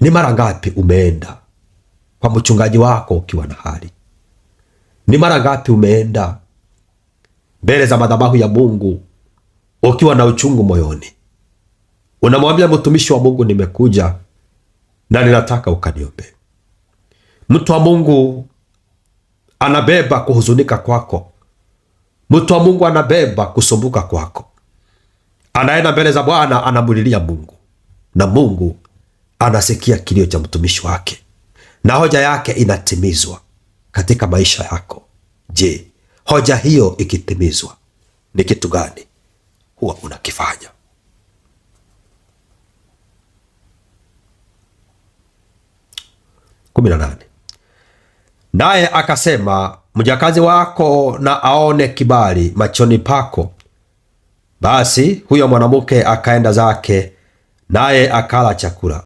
Ni mara ngapi umeenda kwa mchungaji wako ukiwa na hali? Ni mara ngapi umeenda mbele za madhabahu ya Mungu ukiwa na uchungu moyoni? Unamwambia mtumishi wa Mungu, nimekuja na ninataka ukaniombe. Mtu wa Mungu anabeba kuhuzunika kwako. Mtu wa Mungu anabeba kusumbuka kwako, anaenda mbele za Bwana, anamulilia Mungu na Mungu anasikia kilio cha mtumishi wake na hoja yake inatimizwa katika maisha yako. Je, hoja hiyo ikitimizwa, ni kitu gani huwa unakifanya? kumi na nane. Naye akasema mjakazi wako na aone kibali machoni pako. Basi huyo mwanamke akaenda zake, naye akala chakula.